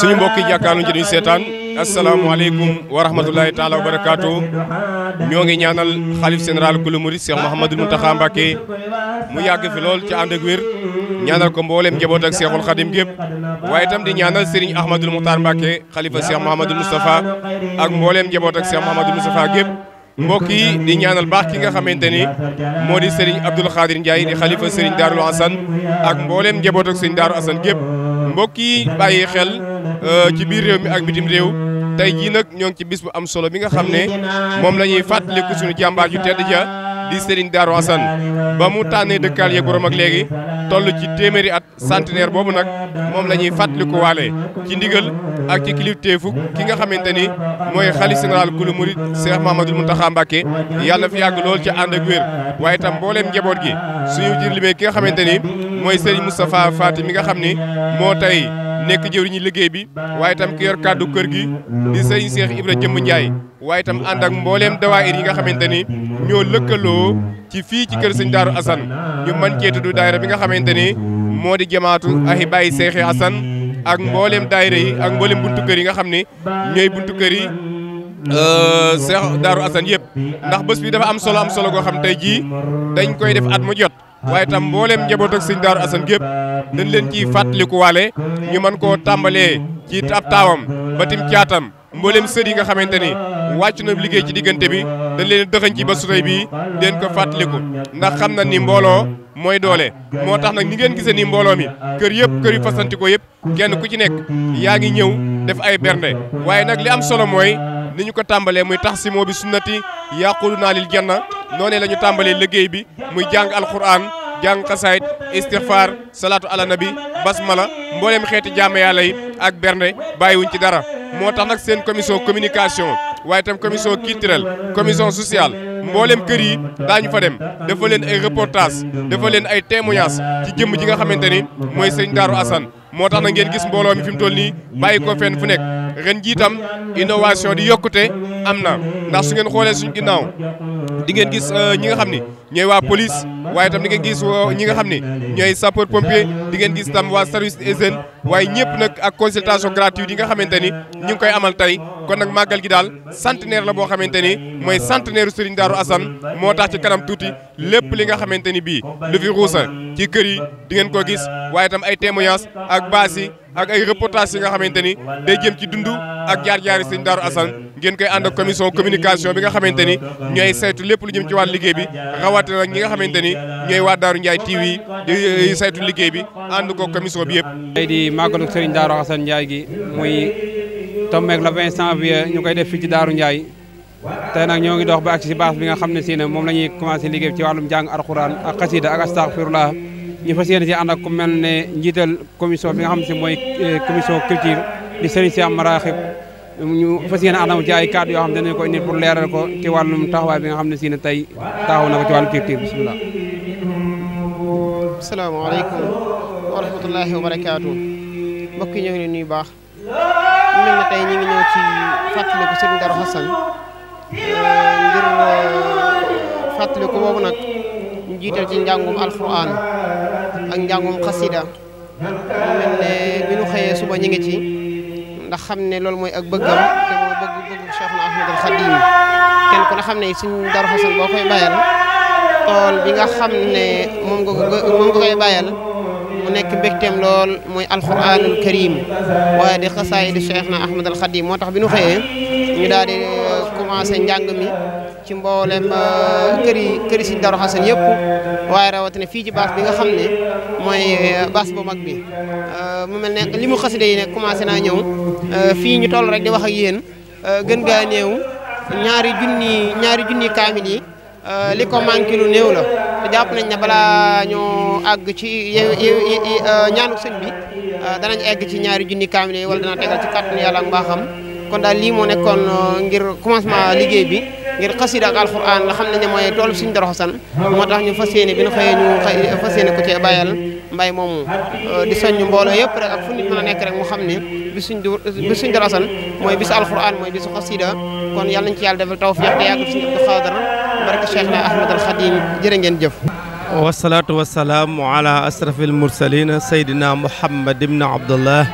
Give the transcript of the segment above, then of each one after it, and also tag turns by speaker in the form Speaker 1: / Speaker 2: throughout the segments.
Speaker 1: suñu mbokki jàkkaarloo ci duñu seetaan asalaamaaleykum wa rahmatulahi taala wa barakaatu ñoo ngi ñaanal xalif général kulu murid Cheikh Mouhamadou Mountakha mu yàgg fi lool ci ànd ak wér ñaanal ko mboolem njaboot ak Cheikhul Khadim gépp waaye itam di ñaanal Serigne Ahmadul Moukhtar Mbacké xalifa Cheikh Mouhamadou Moustapha ak mboolem njaboot ak Cheikh Mouhamadou Moustapha gépp mbokk yi di ñaanal baax ki nga xamante ni moo di Serigne Abdoul Khadir Ndiaye di xalifa Serigne Darou Assane ak mboolem njaboot ak Serigne Darou Assane mbokk yi bàyyi Euh, ci biir réew mi ak bitim réew tey jii nag ñoo ci bis bu am solo bi nga xam ne moom la ñuy fàttaliku suñu jàmbaar ju tedd ja di Serigne Darou Assane ba mu tànnee dëkkaal yeeg borom ak léegi toll ci téeméeri at centenaire boobu nag moom la ñuy fàttaliku waale ci ndigal ak ci kilifteefu ki nga xamante ni mooy xalifa général kulu murid Cheikh Mamadou Mountakha Mbacké yàlla fi yàgg lool ci ànd ak wér waaye itam mbooleem njaboot gi suñu jir ki nga xamante ni mooy Serigne Moustapha Fati mi nga xam ni moo tey nekk jëwriñu liggéey bi waaye itam ki yor kàddu kër gi di sëriñ Cheikh Ibra Jëmm Ndiaye waaye itam ànd ak mbooleem dawaayir yi nga xamante ni ñoo lëkkaloo ci fii ci kër sëñ Daaru Assane ñu man cee tudd daayira bi nga xamante ni moo di jamaatu Ahibaayi Cheikh Assane ak mboolem daayira yi ak mbooleem buntu kër yi nga xam ni ñooy buntu kër yi Cheikh euh, Daaru Assane yëpp ndax bés bi dafa am solo am solo goo xam tey jii dañ koy def at mu jot waaye itam mbooleem njaboot ak sëñ Daaru Asan gépp dañ leen ciy fàttalikuwaale ñu ko koo tàmbalee ci ab taawam ba tim caatam mbooleem sët yi nga xamante ni wàcc na liggéey ci diggante bi dañ leen dëxëñ ci ba sutay bii deen ko fàttaliku ndax xam na ni mbooloo mooy doole moo tax nag ni ngeen gisee ni mbooloo mi kër yëpp kër yu fasanti ko yëpp kenn ku ci nekk yaa ngi ñëw def ay bernde waaye nag li am solo mooy ni ñu ko tàmbalee muy tax si moo bi sunnati yaquluna lil janna noonee la ñu tàmbalee liggéey bi muy jàng alquran jàng xasaayit istighfar salaatu ala nabi basmala mbooleem xeeti jaam yàlla yi ak bernde bàyyiwuñ ci dara moo tax nag seen commission communication waaye itam commission culturelle commission sociale mboolem kër yi daañu fa dem dafa leen ay reportage dafa leen ay témoignage ci jëmm ji nga xamante ni mooy sëñ Daaru Assane moo tax na ngeen gis mbooloo mi fi mu toll nii bàyyi ko fenn ren jiitam innovation di yokkute am na ndax su xoolee suñu ginnaaw di ngeen gis euh, ñi nga xam ni ñooy waa polis waaye tam di ngeen gis ñi nga xam ne ñooy sapeur pompier di ngeen gis tam waa service hygiène waaye ñëpp nag ak consultation gratuite yi nga xamante ni ñu ngi koy amal tey kon nag màggal gi daal centenaire la boo xamante ni mooy centenaire Serigne Darou Assane moo tax ci kanam tuuti lépp li nga xamante ni bii lu fi ruusa ci kër yi di ngeen ko gis waaye tam ay témoignages ak bases yi ak ay reportages yi nga xamante ni day jëm ci dund ak jaar-jaari Serigne Darou Assane ngeen koy ànd ak commission communication bi nga xamante ni ñooy saytu lépp lu jëm ci wàllu liggéey bi rawatina xamante ni ñooy waa Daaru Ndiaye TV di eh, saytu liggéey bi ànd ko commission bi yëpp. tey di màggalu Serigne Darou Assane Ndiaye gi
Speaker 2: muy tombeeg le 20 janvier ñu koy def fii ci Daaru Ndiaye tey nag ñoo ngi dox ba si baax bi nga xam ne si ne moom la ñuy commencé liggéey ci wàllum jàng alxuraan ak xasida ak astaghfirullah ñu fas yéene si ànd ak ku mel ne njiital commission bi nga xam si mooy eh, commission culture di Serigne Siam Maraxib ñu fas yéene ànd ci ay kàddu yoo xam ne danañ ko indil pour leeral ko ci wàllum taxawaay bi nga xam ne si ne tey taxaw na ko ci wàllu culture bisimilah.
Speaker 3: asalaamaaleykum wa rahmatullahi wa barakaatu mbokk yi ñoo ngi leen baax mel na tey ñu ngi ñëw ci fàttaliku sëriñ Darou Hassane euh, ngir euh, fàttaliku boobu nag ñu jiital ci njàngum alquran ak njàngum xasida bi ñu xëyee suba ñu ci ndax xam ne loolu mooy ak bëgg bëggu Cheikh Ahmadul boo koy bayal tool bi nga xam ne moom nga moom nga koy bàyyal mu nekk mbégteem lool mooy alquranul karim waaye di xasaay di cheikh na ahmad al xadim moo tax bi nu xëyee ñu daal di euh, commencé njàng mi ci mboolem euh, kër yi kër yi si Darou Hassane yëpp waaye rawatina fii ci baas bi nga xam ne mooy euh, baas bu mag bi mu mel ne li mu xasida yi nekk commencé naa ñëw fii ñu toll rek di wax a yéen gën gaa néew ñaari junni ñaari junni kaamil yi Euh, li ko manqué lu néew la te jàpp nañ ne balaa ñoo ci euh, ñaanu sëñ bi euh, danañ egg ci ñaari junni kaamil wala dana tegal ci kàttan yàlla ak kon daal lii moo nekkoon ngir commencement liggéey bi ngir xasida ak alxuraan la xam nañ ne mooy toolu suñu Darou moo tax ñu fas yéene bi ñu xëyee ñu fas yéene ko cee bàyyal mbay moomu di mbooloo yëpp ak fu nit mën a nekk xam ne bi suñ bi suñ Darou Hassane mooy bisu alxuraan mooy bisu xasida kon yàlla nañ ci yàlla defal tawfiq te yàgg suñu Abdou Khadre barke Cheikh na Ahmad al Khadim
Speaker 4: jërë ngeen jëf. wasalaatu wasalaam ala asrafil mursalina saydina Muhammad ibn Abdullah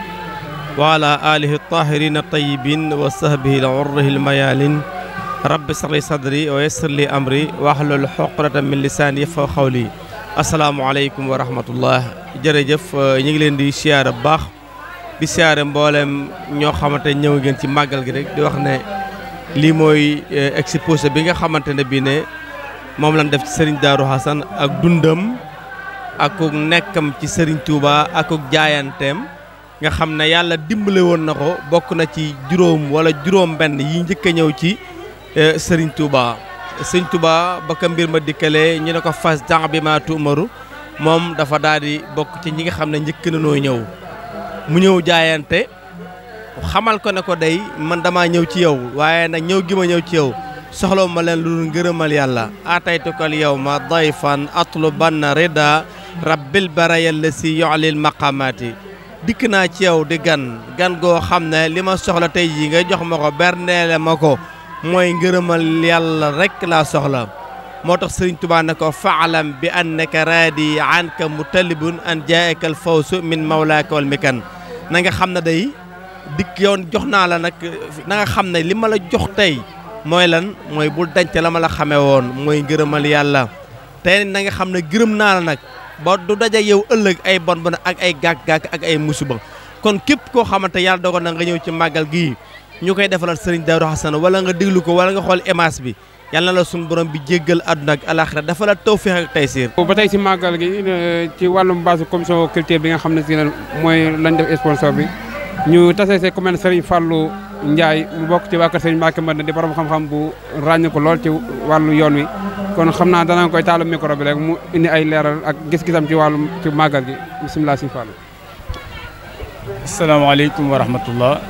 Speaker 4: wa ala alihi tahirina tayibin wa sahbihi al urrihi al mayalin rabbi sirli sadri wa yassir li amri wahlul xoqrata min lisaani yafqahu qawli asalaamualeykum wa rahmatullah jërëjëf ñu ngi leen di siyaare bu baax di siyaare mboolem ñoo xamante ñëw ngeen ci màggal gi rek di wax ne. lii mooy eh, exposé bi nga xamante ne bii ne moom lañ def ci Serigne Darou Assane ak dundam ak nekkam ci sëriñ Touba ak jaayanteem nga xam ne yàlla dimbale woon na ko bokk na ci juróom wala juróom-benn yi njëkk a ñëw ci eh, sëriñ Touba. Serigne Touba ba ka mbir ma dikkalee ñu ne ko fas jàng bi ma tuumaru moom dafa daldi bokk ci ñi nga xam ne njëkk na noo ñëw mu ñëw jaayante. xamal ko ne ko dey man damaa ñëw ci yow waaye nag ñëw gi ma ñëw ci yow soxlaw ma leen lu dul ngërëmal yàlla aataytukal yow ma dayfan atlubanna rida rabbil si lasi yolil maqamaati dikk naa ci yow di gan gan goo xam ne li ma soxla tey jii nga jox ma ko berneele ma ko mooy ngërëmal yàlla rek laa soxla moo tax sëriñ Tuubaa ne ko faalam bi annaka raadi anka mutalibun an jaayakal fawsu min mawlaaka wal mikan na nga xam ne day dikk yoon jox naa la nag na xam ne li ma la jox tey mooy lan mooy bul dence la ma la xamee woon mooy ngërëmal yàlla tey na nga xam ne gërëm naa la nag ba du daja yow ëllëg ay bon bon ak ay gàkk-gàkk ak ay musiba kon képp koo xamante yàlla dogal na nga ñëw ci màggal gi ñu koy defalal sëriñ Daaru Xasan wala nga déglu ko wala nga xool image bi
Speaker 2: yàlla na la suñu borom bi jéggal àdduna ak alaxira dafa la tawfiix ak taysiir ba tey si màggal gi ci wàllum base commission culture bi nga xam ne si mooy lañ def sponsor bi ñu tasee see ku mel ne Serigne mu bokk ci waa kër Serigne mën Mbadane di borom xam-xam bu ràññee ko lool ci wàllu yoon wi kon xam naa dana koy taalu micro bi rek mu indi ay leeral ak gis-gisam ci wàllum ci màggal gi bisimilah Serigne Fallou. asalaamaaleykum wa rahmatullah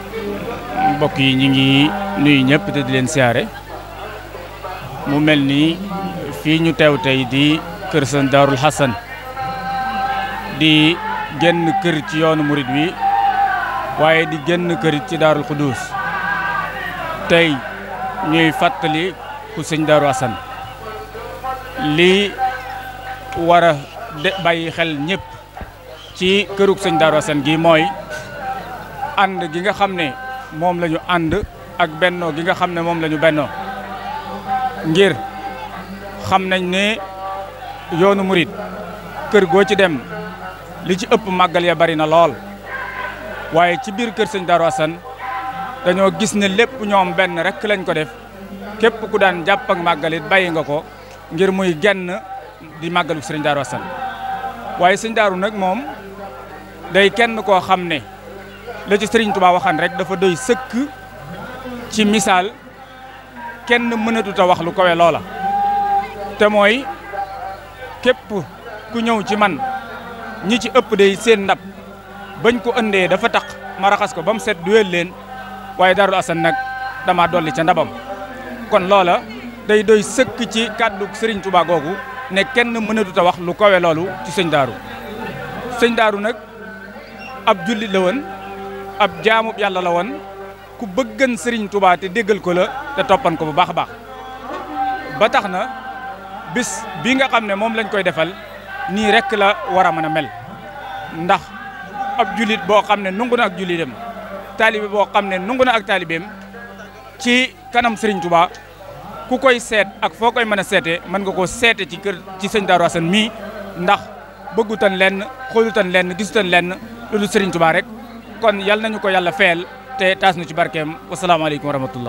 Speaker 2: mbokk yi ñu ngi nuyu ñëpp te di leen siyaare mu mel ni fii ñu teew tey di kër sëñ Daarul Xasan di genn kër ci yoonu murit wi. waye di genn kërit ci darul khudus tay ñuy fatali ku señ daru hasan li wara a bàyyi xel ñepp ci keuruk señ daru hasan gi moy and gi nga xamne mom lañu and ak benno gi nga xamne mom lañu benno ngir xam nañ ne yoonu murid keur go ci dem li ci ëpp magal ya bari na lool waaye ci biir kër sëñ Darou dañoo gis ne lépp ñoom benn rek lañ ko def képp ku daan jàpp ak màggalit bàyyi nga ko ngir muy genn di màggalu sëñ Darou waaye sëñ Darou nag moom day kenn koo xam ne la ci Serigne Touba waxaan rek dafa doy sëkk ci misaal kenn mënatut a wax lu kawe loola te mooy képp ku ñëw ci man ñi ci ëpp day seen ndab bañ ko andee dafa taq ma raxas ko ba mu set duweel leen waaye Darou Assane nag dama dolli ca ndabam kon loola day doy sëkk ci kàddu sëriñ tubaa googu ne kenn mënatut a wax lu kowe loolu ci sëñ Darou nag ab jullit la woon ab jaamub yàlla la woon ku bëggan Serigne Touba te déggal ko la te toppan ko bu baax a baax ba tax na bis bi nga xam ne moom lañ koy defal nii rek la war a mën a mel ndax. ab julit boo xam ne nungu na ak julitam taalibe boo xam ne nungu na ak taalibeem ci kanam Serigne Touba ku koy seet ak foo koy mën a seete mën nga koo seete ci kër ci sëñ Darou Assane mii ndax bëggutan lenn xoolutan lenn gisutan lenn loolu Serigne Touba rek kon yal nañu ko yàlla feel te taas nu ci barkeem wasalaamaaleykum wa rahmatullah